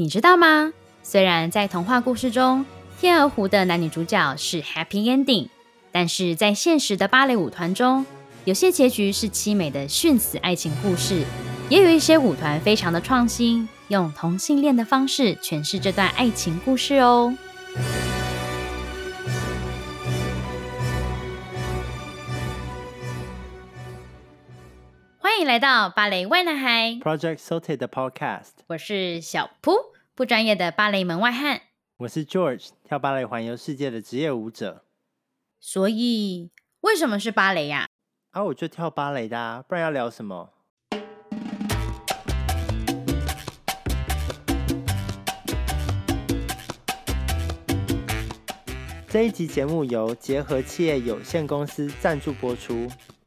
你知道嗎？雖然在童話故事中，天鵝湖的男女主角是 happy ending，但是在現實的芭蕾舞團中，有些結局是淒美的殉死愛情故事，也有一些舞團非常的創新，用同性戀的方式詮釋這段愛情故事哦。歡迎來到芭蕾 why 男孩 Project Sauté 的 Podcast。我是小蹼，不專業的芭蕾門外漢。我是 George，跳芭蕾環遊世界的職業舞者。所以，為什麼是芭蕾呀、啊？啊，我就跳芭蕾的，啊，不然要聊什麼？這一集節目由桔禾企業有限公司贊助播出。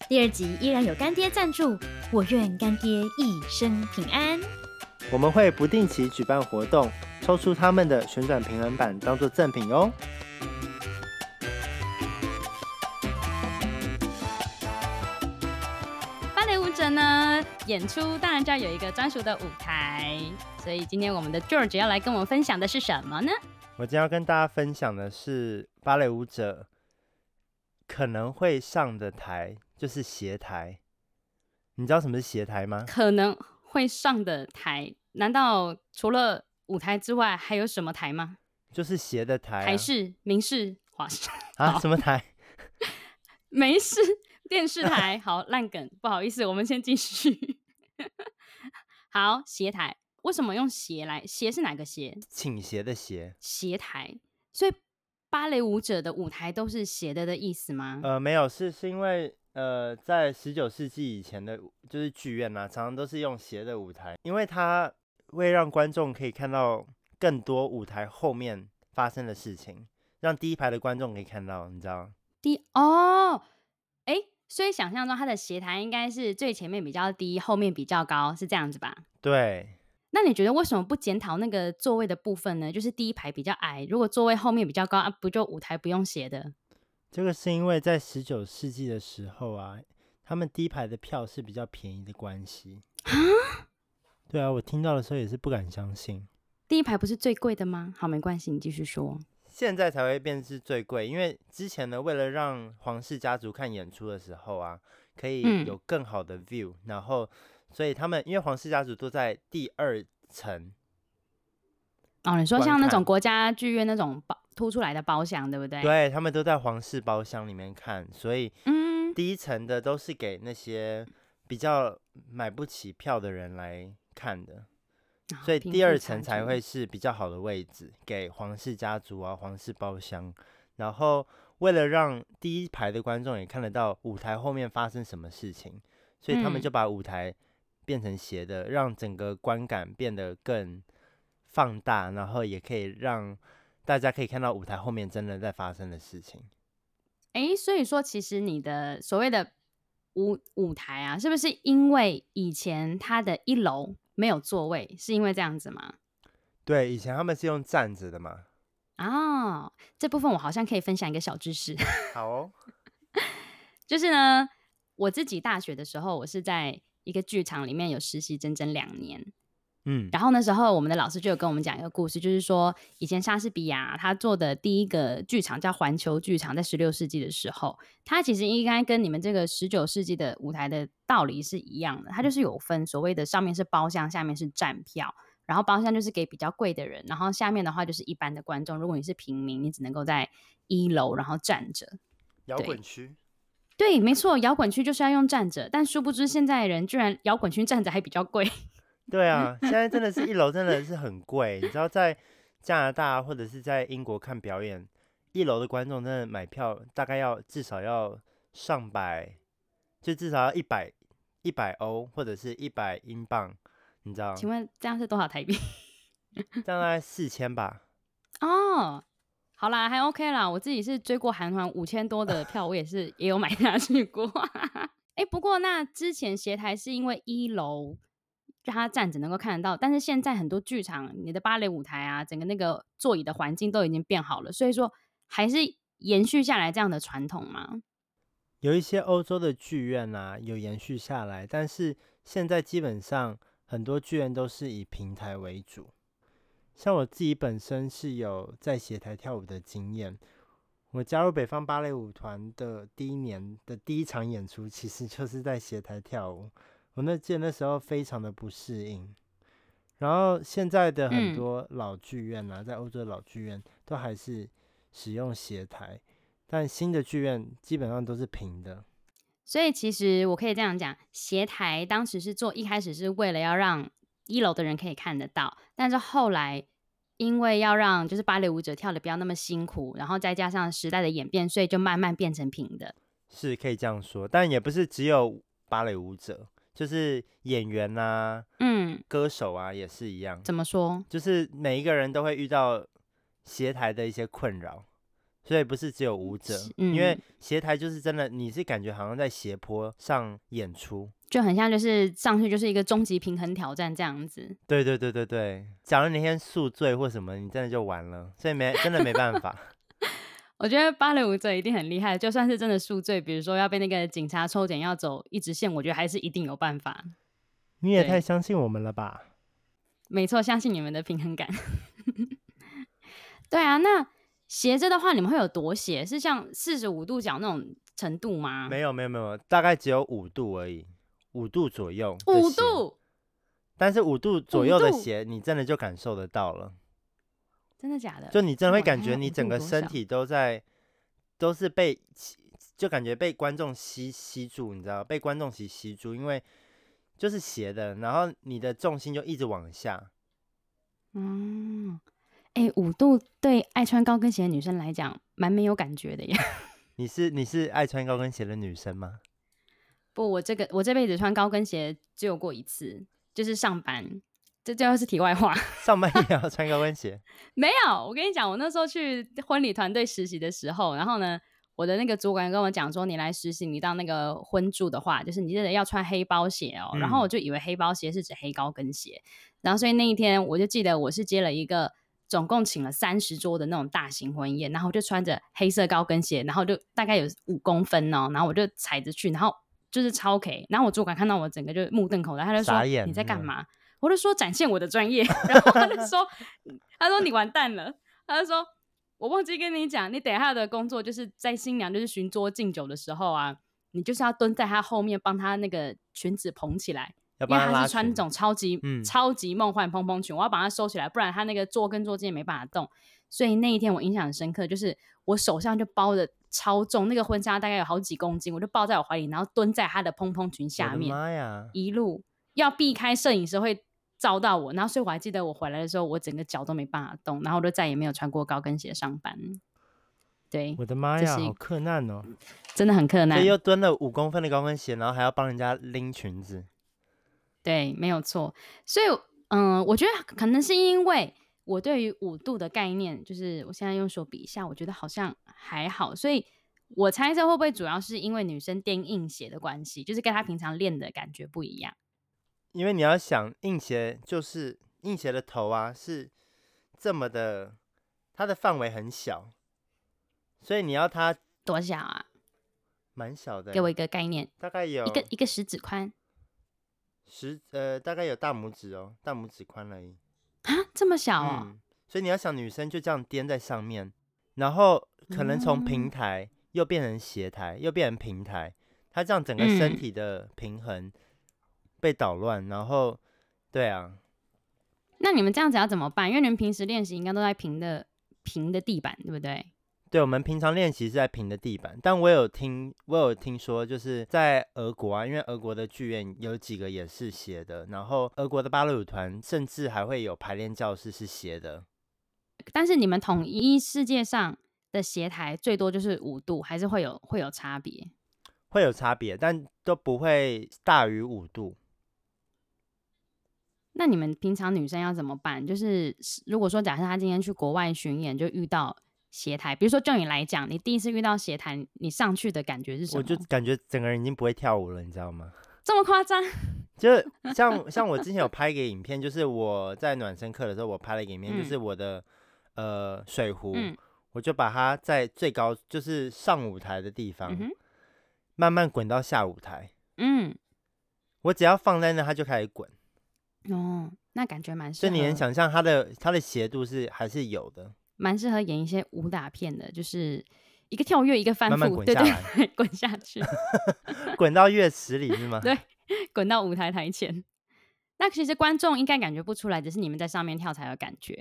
第二集依然有乾爹贊助。我願乾爹一生平安。我們會不定期舉辦活動，抽出他們的旋轉平衡板當做贈品哦。芭蕾舞者呢，演出當然就要有一個專屬的舞台，所以今天我們的 George 要來跟我們分享的是什麼呢？我今天要跟大家分享的是芭蕾舞者可能會上的台，就是斜台。你知道什麼是斜台嗎？可能會上的台，難道除了舞台之外還有什麼台嗎？就是斜的台、啊，還是台式、明式、華式啊？好什麼台？ 沒事，電視台。好爛梗， 不好意思，我們先繼續。 好，斜台，為什麼用斜來？斜是哪個斜？傾斜的斜，斜台。所以芭蕾舞者的舞台都是斜的的意思嗎？呃，沒有，是是因為。呃，在十九世紀以前的，就是劇院啊，常常都是用斜的舞台，因為它會讓觀眾可以看到更多舞台後面發生的事情，讓第一排的觀眾可以看到，你知道？第，哦，哎，所以想象中它的斜台應該是最前面比較低，後面比較高，是這樣子吧？對。那你覺得為什麼不檢討那個座位的部分呢？就是第一排比較矮，如果座位後面比較高，啊，不就舞台不用斜的？這個是因為在十九世紀的時候啊，他們第一排的票是比較便宜的關係。啊蛤？對啊，我聽到的時候也是不敢相信。第一排不是最貴的嗎？好，沒關係，你繼續說。現在才會變是最貴，因為之前呢，為了讓皇室家族看演出的時候啊，可以有更好的 view，、嗯、然後所以他們因為皇室家族都在第二層。哦，你說像那種國家劇院那種包？凸出來的包廂，對不對？對，他們都在皇室包廂裡面看，所以第一層的都是給那些比較買不起票的人來看的，所以第二層才會是比較好的位置，給皇室家族啊、皇室包廂。然後為了讓第一排的觀眾也看得到舞台後面發生什麼事情，所以他們就把舞台變成斜的，讓整個觀感變得更放大，然後也可以讓，大家可以看到舞台後面真的在發生的事情，誒，所以說其實你的所謂的舞舞台啊，是不是因為以前它的一樓沒有座位，是因為這樣子嗎？對，以前他們是用站着的嘛。哦，這部分我好像可以分享一個小知識。好哦。 就是呢，我自己大學的時候，我是在一個劇場裡面有實習整整兩年。嗯，然後那時候我們的老師就有跟我們講一個故事，就是說以前莎士比亞他做的第一個劇場叫環球劇場，在十六世紀的時候，它其實應該跟你們這個十九世紀的舞台的道理是一樣的，它就是有分所謂的上面是包廂，下面是站票，然後包廂就是給比較貴的人，然後下面的話就是一般的觀眾。如果你是平民，你只能夠在一樓然後站着。搖滾區？對，對，沒錯，搖滾區就是要用站着，但殊不知現在人居然搖滾區站着還比較貴。 對啊，現在真的是一樓真的是很貴， 你知道在加拿大或者是在英國看表演，一樓的觀眾真的買票大概要至少要上百，就至少要一百一百歐或者是一百英鎊，你知道請問這樣是多少台幣？ 這樣大概四千吧。 哦，好啦，還 OK 啦。我自己是追過韓團五千多的票， 我也是也有買下去過。哎、 欸，不過那之前斜台是因為一樓。就他站着能夠看得到，但是現在很多劇場，你的芭蕾舞台啊，整個那個座椅的環境都已經變好了，所以說還是延續下來這樣的傳統嗎？有一些歐洲的劇院啊有延續下來，但是現在基本上很多劇院都是以平台為主。像我自己本身是有在斜台跳舞的經驗，我加入北方芭蕾舞團的第一年的第一場演出，其實就是在斜台跳舞。我那屆那時候非常的不適應，然後現在的很多老劇院吶、啊，嗯，在歐洲的老劇院都還是使用斜台，但新的劇院基本上都是平的。所以其實我可以這樣講，斜台當時是做一開始是為了要讓一樓的人可以看得到，但是後來因為要讓就是芭蕾舞者跳得不要那麼辛苦，然後再加上時代的演變，所以就慢慢變成平的。是，可以這樣說，但也不是只有芭蕾舞者。就是演員啊，嗯，歌手啊，也是一樣。怎麼說？就是每一個人都會遇到斜台的一些困擾，所以不是只有舞者。嗯，因為斜台就是真的，你是感覺好像在斜坡上演出，就很像就是上去就是一個終極平衡挑戰這樣子。對對對對對，假如那天宿醉或什麼，你真的就完了，所以沒真的沒辦法。 我覺得芭蕾舞者一定很厲害，就算是真的宿醉，比如說要被那個警察抽檢要走一直線，我覺得還是一定有辦法。你也太相信我們了吧？沒錯，相信你們的平衡感。 對啊，那斜着的話，你們會有多斜，是像四十五度角那種程度嗎？沒有，沒有，沒有，大概只有五度而已，五度左右。五度？但是五度左右的斜，度你真的就感受得到了。真的假的？就你真的會感覺你整個身體都在，都是被，就感覺被觀眾吸吸住，你知道被觀眾吸吸住，因為就是斜的，然後你的重心就一直往下。嗯，哎、欸，五度對愛穿高跟鞋的女生來講，蠻沒有感覺的呀。 你是你是愛穿高跟鞋的女生嗎？不，我這個我這輩子穿高跟鞋只有過一次，就是上班。這就是題外話，上班也要穿高跟鞋？ 沒有，我跟你講，我那時候去婚禮團隊實習的時候，然後呢，我的那個主管跟我講說，你來實習，你當那個婚助的話，就是你真的要穿黑包鞋哦。然後我就以為黑包鞋是指黑高跟鞋，嗯，然後所以那一天我就記得我是接了一個總共請了三十桌的那種大型婚宴，然後就穿着黑色高跟鞋，然後就大概有五公分哦，然後我就踩着去，然後就是超可以，然後我主管看到我整個就目瞪口呆，他就說：“傻眼，你在幹嘛？”嗯我就說展現我的專業，然後他就說：“ 他說你完蛋了。”他就說：“我忘記跟你講，你等一下他的工作就是在新娘就是巡桌敬酒的時候啊，你就是要蹲在她後面，幫她那個裙子捧起來，要他拉因為她是穿那種超級、嗯、超級夢幻蓬蓬裙，我要把它收起來，不然她那個桌跟桌之間也沒辦法動。所以那一天我印象很深刻，就是我手上就包着超重那個婚紗，大概有好幾公斤，我就抱在我懷裡，然後蹲在她的蓬蓬裙下面，一路要避開攝影師會。遭到我，然後所以我還記得我回來的時候，我整個腳都沒辦法動，然後我就再也沒有穿過高跟鞋上班。對，我的媽呀，是好克難哦，真的很克難。所以又蹲了五公分的高跟鞋，然後還要幫人家拎裙子。對，沒有錯。所以，嗯、呃，我覺得可能是因為我對於五度的概念，就是我現在用手比一下，我覺得好像還好。所以我猜測會不會主要是因為女生墊硬鞋的關係，就是跟她平常練的感覺不一樣。因為你要想硬鞋，就是硬鞋的頭啊，是這麼的，它的範圍很小，所以你要它多小啊？蠻小的，給我一個概念，大概有一個一個食指寬，十呃，大概有大拇指哦，大拇指寬而已啊，這麼小哦，嗯、所以你要想女生就這樣顛在上面，然後可能從平台又變成斜台，嗯、又變成平台，它這樣整個身體的平衡。嗯被搗亂，然後，對啊，那你們這樣子要怎麼辦？因為你們平時練習應該都在平的平的地板，對不對？對，我們平常練習是在平的地板，但我有聽我有聽說，就是在俄國啊，因為俄國的劇院有幾個也是斜的，然後俄國的芭蕾舞團甚至還會有排練教室是斜的。但是你們統一世界上的斜台最多就是五度，還是會有會有差別？會有差別，但都不會大於五度。那你們平常女生要怎麼辦？就是如果說假設她今天去國外巡演就遇到斜台，比如說就你來講，你第一次遇到斜台，你上去的感覺是什麼？我就感覺整個人已經不會跳舞了，你知道嗎？這麼誇張？就是像像我之前有拍一個影片， 就是我在暖身課的時候，我拍了一個影片，嗯、就是我的呃水壺，嗯、我就把它在最高就是上舞台的地方、嗯、哼慢慢滾到下舞台，嗯，我只要放在那裡，它就開始滾。哦，那感覺蠻適合。所以你能想象他的他的斜度是還是有的，蠻適合演一些武打片的，就是一個跳躍一個翻覆，滾下來對、對、對，滾下去，滾 到樂池裡是嗎？ 對，滾到舞台台前。那其實觀眾應該感覺不出來，只是你們在上面跳才有感覺。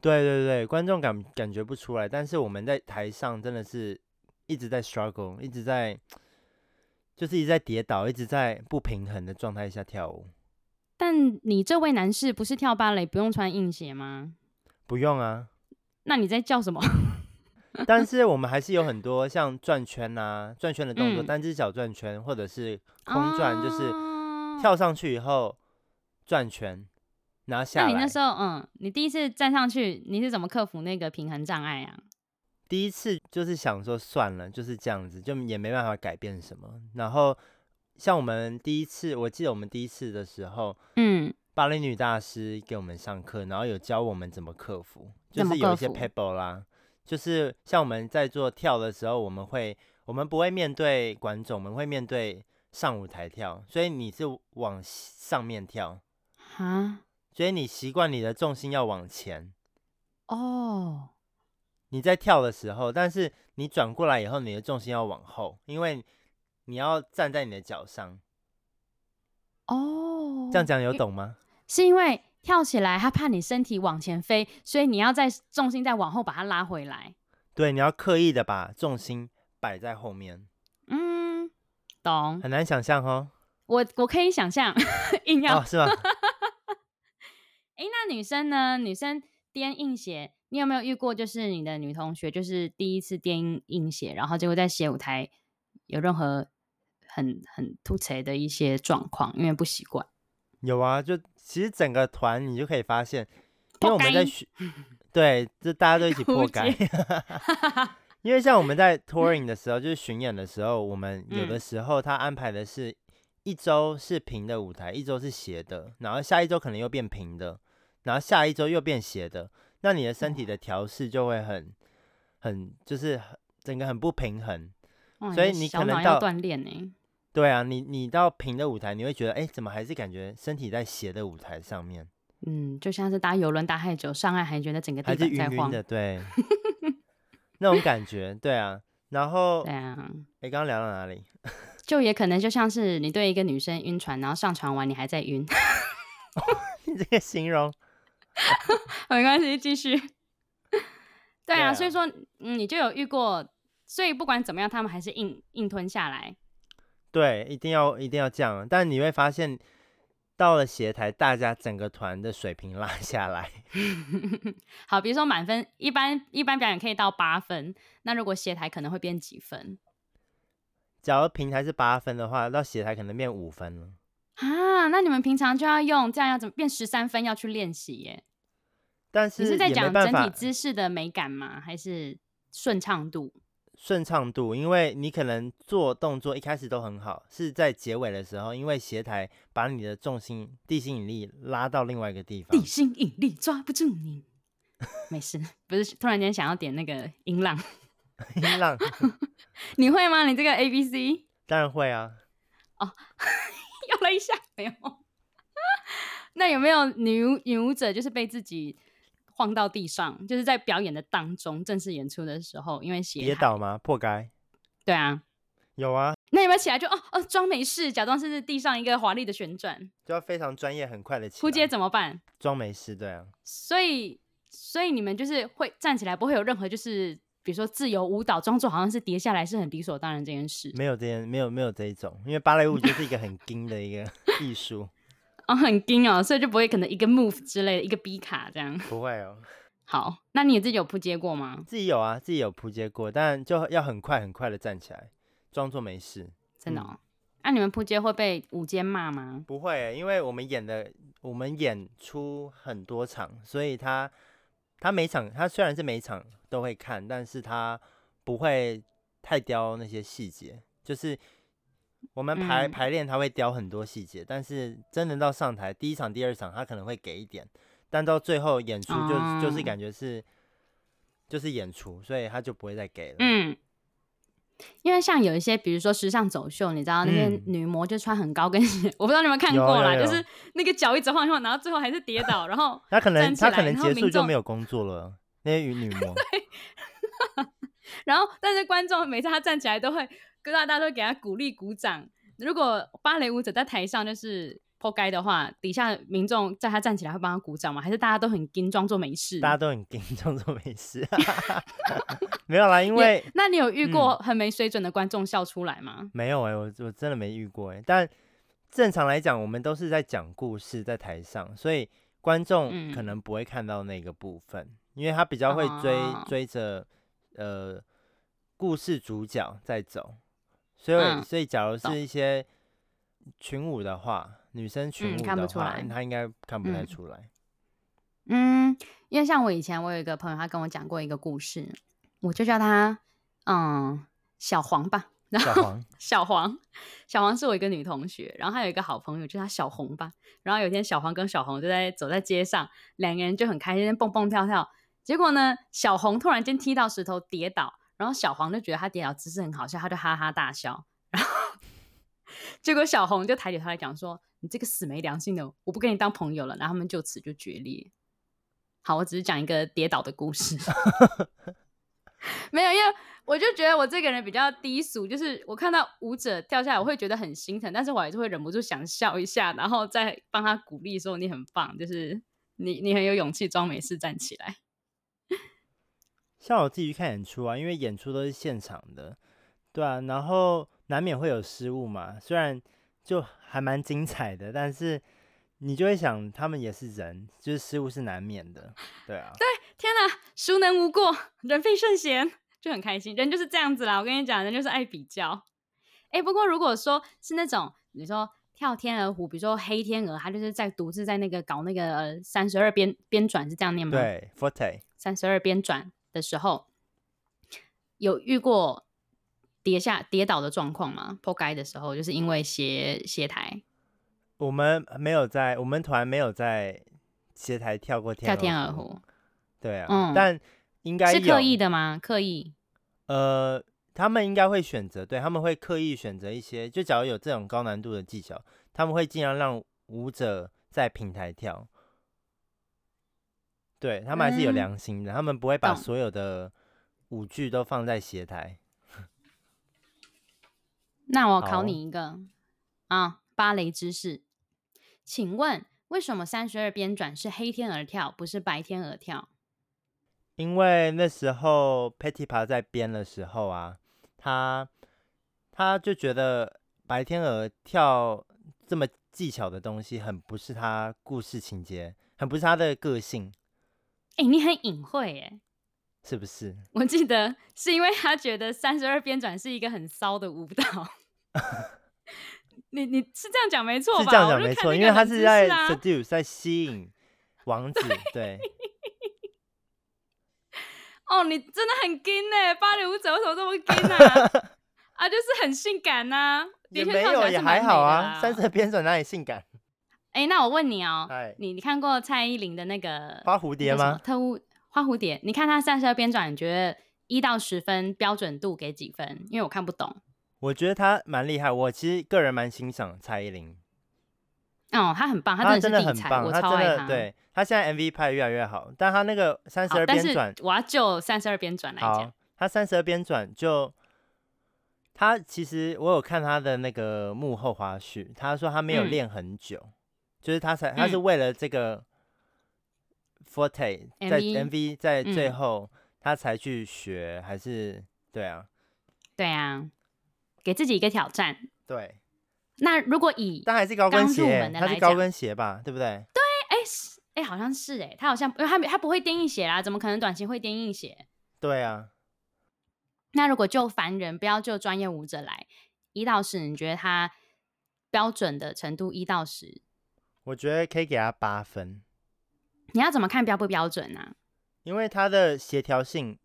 對對對，觀眾感感覺不出來，但是我們在台上真的是一直在 struggle，一直在就是一直在跌倒，一直在不平衡的狀態下跳舞。但你這位男士不是跳芭蕾不用穿硬鞋嗎？不用啊。那你在叫什麼？ 但是我們還是有很多像轉圈啊、轉 圈的動作，嗯、單隻腳轉圈，或者是空轉，啊、就是跳上去以後轉圈，然後下來。那你那時候，嗯，你第一次站上去，你是怎麼克服那個平衡障礙啊？第一次就是想說算了，就是這樣子，就也沒辦法改變什麼。然後。像我們第一次，我記得我們第一次的時候，嗯，芭蕾女大師給我們上課，然後有教我們怎麼克服，服就是有一些 pebble 啦，就是像我們在做跳的時候，我們會，我們不會面對觀眾，我們會面對上舞台跳，所以你是往上面跳，哈蛤？所以你習慣你的重心要往前，哦，你在跳的時候，但是你轉過來以後，你的重心要往後，因為。你要站在你的腳上哦，oh, 這樣講有懂嗎？是因為跳起來，他怕你身體往前飛，所以你要在重心再往後把它拉回來。對，你要刻意的把重心擺在後面。嗯，懂。很難想象。哦。我我可以想象， 硬要，oh, 是吧？哎 那女生呢？女生顛硬鞋，你有沒有遇過？就是你的女同學，就是第一次顛硬鞋，然後結果在斜舞台，有任何很很突兀的一些狀況，因為不習慣。有啊，就其實整個團你就可以發現，因為我們在巡， 對，就大家都一起破改。無解 因為像我們在 touring 的時候，嗯、就是巡演的時候，我們有的時候他安排的是一週是平的舞台，嗯、一週是斜的，然後下一週可能又變平的，然後下一週又變斜的，那你的身體的調適就會很、嗯、很就是整個很不平衡。所以你可能要鍛鍊呢？欸、對啊，你你到平的舞台，你會覺得哎、欸，怎麼還是感覺身體在斜的舞台上面？嗯，就像是搭遊輪搭太久上岸，還覺得整個地在在晃暈暈的，對， 那種感覺，對啊。然後對啊，哎、欸，剛剛聊到哪裡？就也可能就像是你對一個女生暈船，然後上船完你還在暈。 你這個形容， 沒關係，繼續。對啊，對啊，所以說、嗯，你就有遇過。所以不管怎麼樣，他們還是硬硬吞下來。對，一定要一定要這樣。但你會發現，到了斜台，大家整個團的水平拉下來。 好，比如說滿分，一般一般表演可以到八分，那如果斜台可能會變幾分？假如平台是八分的話，到斜台可能變五分了。啊，那你們平常就要用這樣要怎麼變十三分？要去練習耶。但是你是在講整體姿勢的美感嗎？還是順暢度？順暢度，因為你可能做動作一開始都很好，是在結尾的時候，因為斜台把你的重心地心引力拉到另外一個地方。地心引力抓不住你， 沒事，不是突然間想要點那個音浪， 音浪， 你會嗎？你這個 A B C 當然會啊。哦，有了一下沒有。 那有沒有女舞、女舞者就是被自己？放到地上，就是在表演的當中，正式演出的時候，因為鞋倒嗎？撲街？對啊，有啊。那有沒有起來就哦哦，裝沒事，假裝是，是地上一個華麗的旋轉，就要非常專業、很快的起來。撲街怎麼辦？裝沒事，對啊。所以所以你們就是會站起來，不會有任何就是，比如說自由舞蹈，裝作好像是跌下來是很理所當然這件事。沒有這，沒有沒有這一種，因為芭蕾舞就是一個很精的一個藝術。 哦，很硬哦，所以就不會可能一個 move 之類的，一個 B 卡這樣。不會哦。好，那你自己有撲街過嗎？自己有啊，自己有撲街過，但就要很快很快的站起來，裝作沒事。真的，嗯？哦，那你們撲街會被舞監罵嗎？不會、欸，因為我們演的，我們演出很多場，所以他他每場他雖然是每場都會看，但是他不會太雕那些細節，就是。我們排排練，他會雕很多細節，嗯、但是真的到上台第一場、第二場，他可能會給一點，但到最後演出就、嗯、就是感覺是就是演出，所以他就不會再給了。嗯，因為像有一些，比如說時尚走秀，你知道那些女模就穿很高跟鞋，嗯、 我不知道你們有沒有看過啦，有了有，就是那個腳一直晃晃，然後最後還是跌倒，然後 他可能他可能結束就沒有工作了，那些女模。 對， 然後但是觀眾每次他站起來都會。哥大家都給他鼓勵、鼓掌。如果芭蕾舞者在台上就是撲街的話，底下民眾在他站起來會幫他鼓掌嗎？還是大家都很 ㄍ i 裝作沒事？大家都很 ㄍ i 裝作沒事啊。 沒有啦，因為……那你有遇過很沒水準的觀眾笑出來嗎？嗯、沒有哎、欸，我我真的沒遇過哎、欸。但正常來講，我們都是在講故事，在台上，所以觀眾可能不會看到那個部分，嗯、因為他比較會追、啊、追着呃故事主角在走。所以，所以，假如是一些群舞的話，嗯、女生群舞的話，嗯、看不出來，她應該看不太出來。嗯，因為像我以前，我有一個朋友，他跟我講過一個故事，我就叫他嗯小黃吧。然後小黃小黃小黃是我一個女同學，然後她有一個好朋友，就叫她小紅吧。然後有一天，小黃跟小紅就在走在街上，兩個人就很開心，蹦蹦跳跳。結果呢，小紅突然間踢到石頭，跌倒。然後小黃就覺得他跌倒姿勢很好笑，他就哈哈大笑。然後結果小紅就抬起頭來講說：“你這個死沒良心的，我不跟你當朋友了。”然後他們就此就決裂。好，我只是講一個跌倒的故事， 沒有，因為我就覺得我這個人比較低俗，就是我看到舞者掉下來，我會覺得很心疼，但是我還是會忍不住想笑一下，然後再幫他鼓勵說：“你很棒，就是你，你很有勇氣，裝沒事站起來。”像我自己去看演出啊，因為演出都是現場的，對啊，然後難免會有失誤嘛。雖然就還蠻精彩的，但是你就會想，他們也是人，就是失誤是難免的，對啊。對，天吶，孰能無過？人非聖賢，就很開心。人就是這樣子啦，我跟你講，人就是愛比較。哎、欸，不過如果說是那種你說跳天鵝湖，比如說黑天鵝，他就是在獨自在那個搞那個三十二鞭鞭轉，是這樣念嗎？對，forte，三十二鞭轉。的時候有遇過跌下、跌倒的狀況嗎？撲街的時候，就是因為斜斜台。我們沒有在我們團沒有在斜台跳過跳天鵝湖。對啊，嗯、但應該是刻意的嗎？刻意。呃，他們應該會選擇，對他們會刻意選擇一些，就假如有這種高難度的技巧，他們會盡量讓舞者在平台跳。對，他們還是有良心的，嗯、他們不會把所有的舞劇都放在斜台。 那我考你一個好啊，芭蕾知識，請問為什麼三十二鞭轉是黑天鵝跳，不是白天鵝跳？因為那時候 Petipa 在編的時候啊，他他就覺得白天鵝跳這麼技巧的東西，很不是他故事情節，很不是他的個性。哎，你很隱晦哎，是不是？我記得是因為他覺得三十二鞭轉是一個很騷的舞蹈。你你是這樣講沒錯吧？是這樣講沒錯，因為他是在 seduce，在吸引王子。對。哦，你真的很 gay 呢？芭蕾舞者為什麼這麼 gay 呢？啊，就是很性感吶。也沒有，也還好啊。三十二鞭轉哪裡性感？哎，那我問你哦，Hi 你你看過蔡依林的那個《花蝴蝶》嗎？特務《花蝴蝶》，你看他三十二鞭轉，你覺得一到十分標準度給幾分？因為我看不懂。我覺得他蠻厲害，我其實個人蠻欣賞蔡依林。哦，他很棒，他真的，他真的很棒，我超愛他他，對他現在 MV 拍越來越好，但他那個三十二鞭轉，哦、我要就三十二鞭轉來講，他三十二鞭轉就他其實我有看他的那個幕後花絮，他說他沒有練很久。嗯就是他才，他是為了這個 Forte、嗯、在 MV 在最後、嗯、他才去學，還是對啊？對啊，給自己一個挑戰。對。那如果以，當還是高跟鞋、欸，他是高跟鞋吧？對不對？對，哎、欸、是，哎、欸、好像是哎、欸，他好像，因、呃、為，他他不會踮硬鞋啦，怎麼可能短期會踮硬鞋？對啊。那如果就凡人，不要就專業舞者來，一到十，你覺得他標準的程度一到十？我覺得可以給他八分。你要怎麼看標不標準呢，啊？因為他的協調性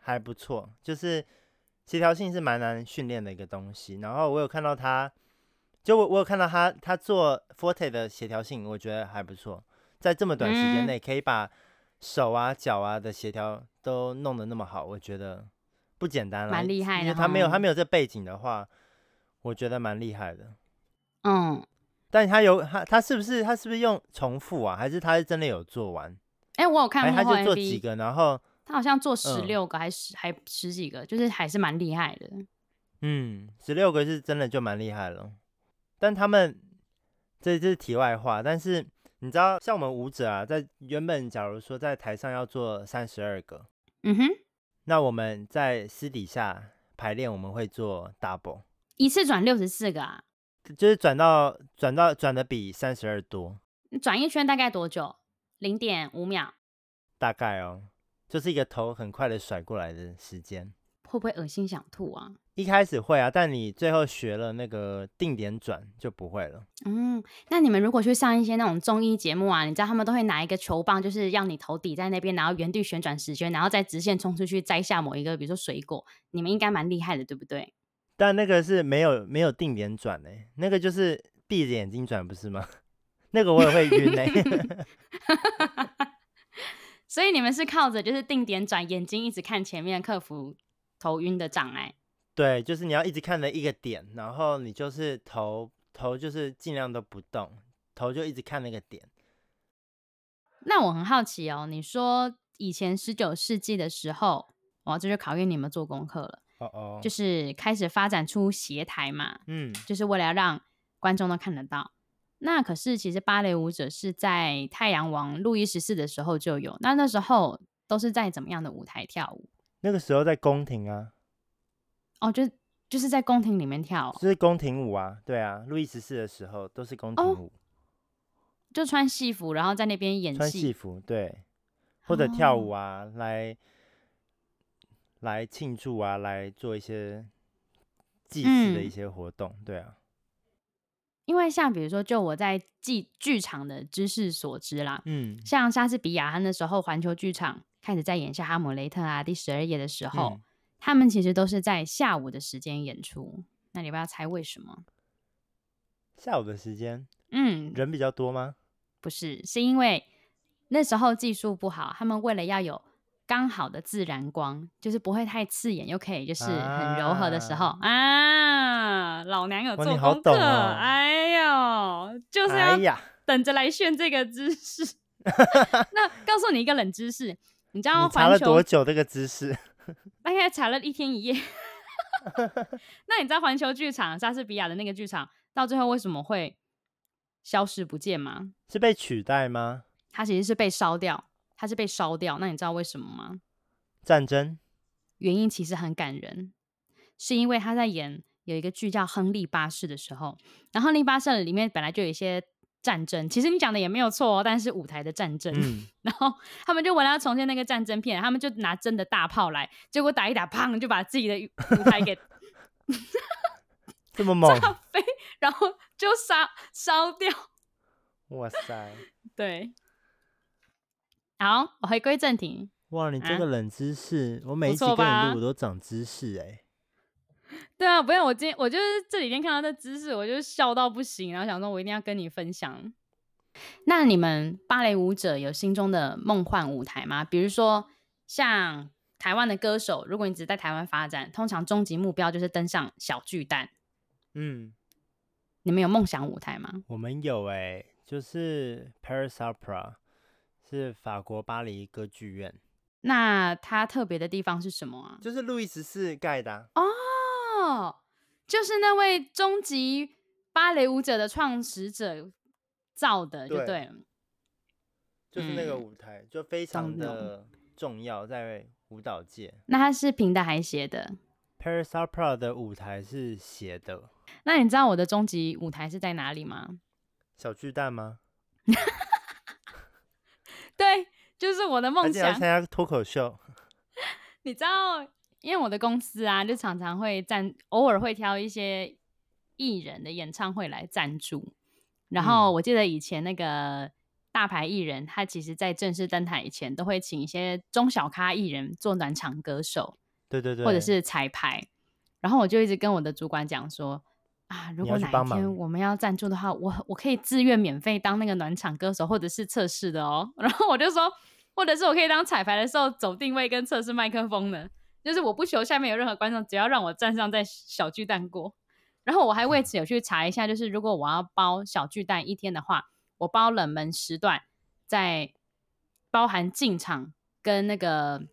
還不錯，就是協調性是蠻難訓練的一個東西。然後我有看到他，就我我有看到他，他做 forte 的協調性，我覺得還不錯。在這麼短時間內可以把手啊、腳啊的協調都弄得那麼好，我覺得不簡單了。蠻厲害的哦他。他沒有他沒有這背景的話，我覺得蠻厲害的。嗯。但他有他，他是不是他是不是用重複啊？還是他是真的有做完？哎、欸，我有看到，欸、他就做幾個，然後他好像做十六個，嗯，還是十還十幾個，就是還是蠻厲害的。嗯，十六個是真的就蠻厲害了。但他們這就是題外話，但是你知道，像我們舞者啊，在原本假如說在台上要做三十二個，嗯哼，那我們在私底下排練，我們會做 double，一次轉六十四個啊。就是轉到轉到轉得比三十二多。你轉一圈大概多久？零點五秒，大概哦，就是一個頭很快的甩過來的時間。會不會噁心想吐啊？一開始會啊，但你最後學了那個定點轉就不會了。嗯，那你們如果去上一些那種綜藝節目啊，你知道他們都會拿一個球棒，就是讓你頭抵在那邊，然後原地旋轉十圈，然後再直線衝出去摘下某一個，比如說水果，你們應該蠻厲害的，對不對？但那個是沒有沒有定點轉的欸，那個就是閉着眼睛轉，不是嗎？那個我也會暈嘞。所以你們是靠着就是定點轉，眼睛一直看前面，克服頭暈的障礙。對，就是你要一直看着一個點，然後你就是頭頭就是盡量都不動，頭就一直看那個點。那我很好奇哦，你說以前十九世紀的時候，哇，這就考驗你們做功課了。就是開始發展出斜台嘛，嗯，就是為了讓觀眾都看得到。那可是其實芭蕾舞者是在太陽王路易十四的時候就有，那那時候都是在怎麼樣的舞台跳舞？那個時候在宮廷啊，哦，就就是在宮廷裡面跳，哦，就是宮廷舞啊，對啊，路易十四的時候都是宮廷舞，哦，就穿戲服，然後在那邊演戲服，對，或者跳舞啊，哦，來。來慶祝啊，來做一些祭祀的一些活動，嗯、對啊。因為像比如說，就我在劇、劇場的知識所知啦，嗯，像莎士比亞他那時候環球劇場開始在演下《哈姆雷特》啊，第十二夜的時候，嗯、他們其實都是在下午的時間演出。那你不要猜為什麼？下午的時間，嗯，人比較多嗎？不是，是因為那時候技術不好，他們為了要有。剛好的自然光，就是不會太刺眼，又可以就是很柔和的時候啊，啊！老娘有做功課，啊、哎呦，就是要等着來炫這個姿勢。哎、呀 那告訴你一個冷知識，你知道查了多久這個姿勢？大概查了一天一夜。 那你知道環球劇場、莎士比亞的那個劇場到最後為什麼會消失不見嗎？是被取代嗎？它其實是被燒掉。他是被燒掉，那你知道為什麼嗎？戰爭原因，其實很感人，是因為他在演有一個劇叫《亨利八世》的時候，然後《亨利八世》裡面本來就有一些戰爭，其實你講的也沒有錯哦，但是舞台的戰爭，嗯、然後他們就為了重現那個戰爭片，他們就拿真的大炮來，結果打一打，砰就把自己的舞台給 這麼猛，炸飛，然後就燒燒掉。哇塞！對。好，我回歸正題。哇，你這個冷知識，啊、我每一集跟你錄都長知識哎。對啊，不用。我今天我就是這幾天看到這知識，我就笑到不行，然後想說我一定要跟你分享。那你們芭蕾舞者有心中的夢幻舞台嗎？比如說像台灣的歌手，如果你只在台灣發展，通常終極目標就是登上小巨蛋。嗯，你們有夢想舞台嗎？我們有哎、欸，就是 Paris Opera。是法國巴黎歌劇院，那它特別的地方是什麼啊？就是路易十四蓋的哦，oh, 就是那位終極芭蕾舞者的創始者造的就對，對對，就是那個舞台，嗯、就非常的重要，在舞蹈界。嗯、那它是平的還是斜的？Paris Opera 的舞台是斜的。那你知道我的終極舞台是在哪裡嗎？小巨蛋嗎？ 對，就是我的夢想。參加脫口秀，你知道，因為我的公司啊，就常常會贊，偶爾會挑一些藝人的演唱會來贊助。然後我記得以前那個大牌藝人，他其實在正式登台以前，都會請一些中小咖藝人做暖場歌手。對對對，或者是彩排。然後我就一直跟我的主管講說。啊，如果哪一天我們要贊助的話，你要去幫忙。我我可以自願免費當那個暖場歌手或者是測試的哦。然後我就說，或者是我可以當彩排的時候走定位跟測試麥克風的，就是我不求下面有任何觀眾，只要讓我站上在小巨蛋過。然後我還為此有去查一下，就是如果我要包小巨蛋一天的話，我包冷門時段，在包含進場跟那個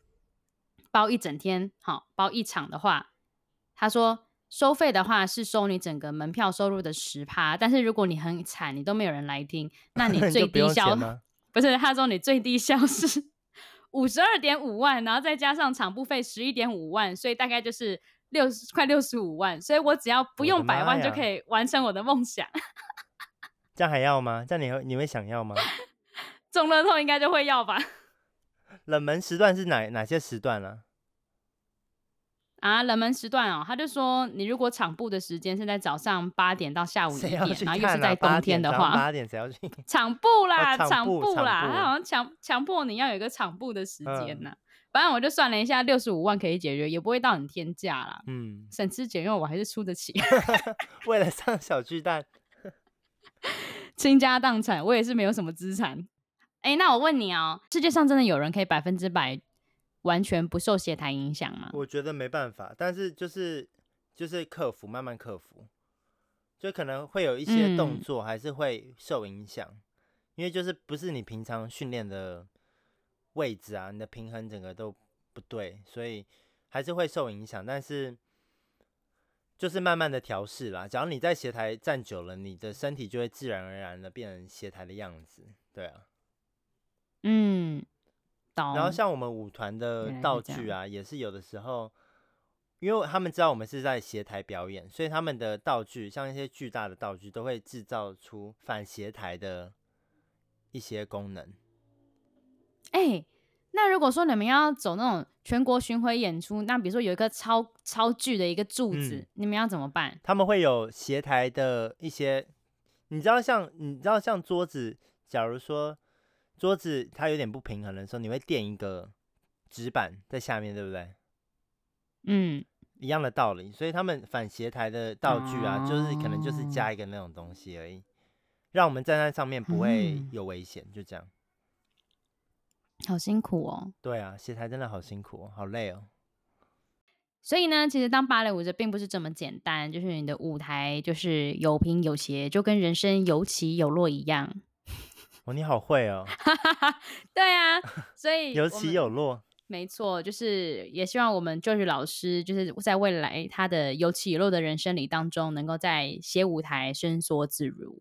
包一整天，好包一場的話，他說。收費的話是收你整個門票收入的十趴，但是如果你很慘，你都沒有人來聽，那你最低消 不，不是？他說你最低消是五十二點五萬，然後再加上場部費十一點五萬，所以大概就是六快六十五萬，所以我只要不用百萬就可以完成我的夢想的。這樣還要嗎？這樣你會你會想要嗎？中樂 透應該就會要吧。冷門時段是哪哪些時段呢、啊啊，冷門時段哦、喔，他就說你如果場布的時間是在早上八點到下午一點，啊、然後又是在冬天的話，誰要場啦，場布、哦、啦，步他好像強強迫你要有一個場布的時間呢。嗯、反正我就算了一下，六十五萬可以解決，也不會到你天價啦。嗯，省吃儉用，我還是出得起。 為了上小巨蛋，傾 家蕩產，我也是沒有什麼資產。哎、欸，那我問你哦、喔，世界上真的有人可以百分之百？完全不受斜台影響嗎？我覺得沒辦法，但是就是就是克服，慢慢克服，就可能會有一些動作還是會受影響，嗯、因為就是不是你平常訓練的位置啊，你的平衡整個都不對，所以還是會受影響。但是就是慢慢的調試啦，只要你在斜台站久了，你的身體就會自然而然的變成斜台的樣子，對啊，嗯。然後像我們舞團的道具啊，也是有的時候，因為他們知道我們是在斜台表演，所以他們的道具，像一些巨大的道具，都會制造出反斜台的一些功能。哎、欸，那如果說你們要走那種全國巡迴演出，那比如說有一個超超巨的一個柱子，嗯、你們要怎麼辦？他們會有斜台的一些，你知道像，像你知道，像桌子，假如說。桌子它有點不平衡的時候，你會墊一個紙板在下面，對不對？嗯，一樣的道理。所以他們反斜台的道具啊，啊就是可能就是加一個那種東西而已，讓我們站在上面不會有危險。嗯、就這樣，好辛苦哦。對啊，斜台真的好辛苦哦，好累哦。所以呢，其實當芭蕾舞者並不是這麼簡單，就是你的舞台就是有平有斜，就跟人生有起有落一樣。哦、你好會哦， 對啊，所以有起有落，沒錯，就是也希望我們就是老師，就是在未來他的有起有落的人生裡當中，能夠在斜舞台伸縮自如。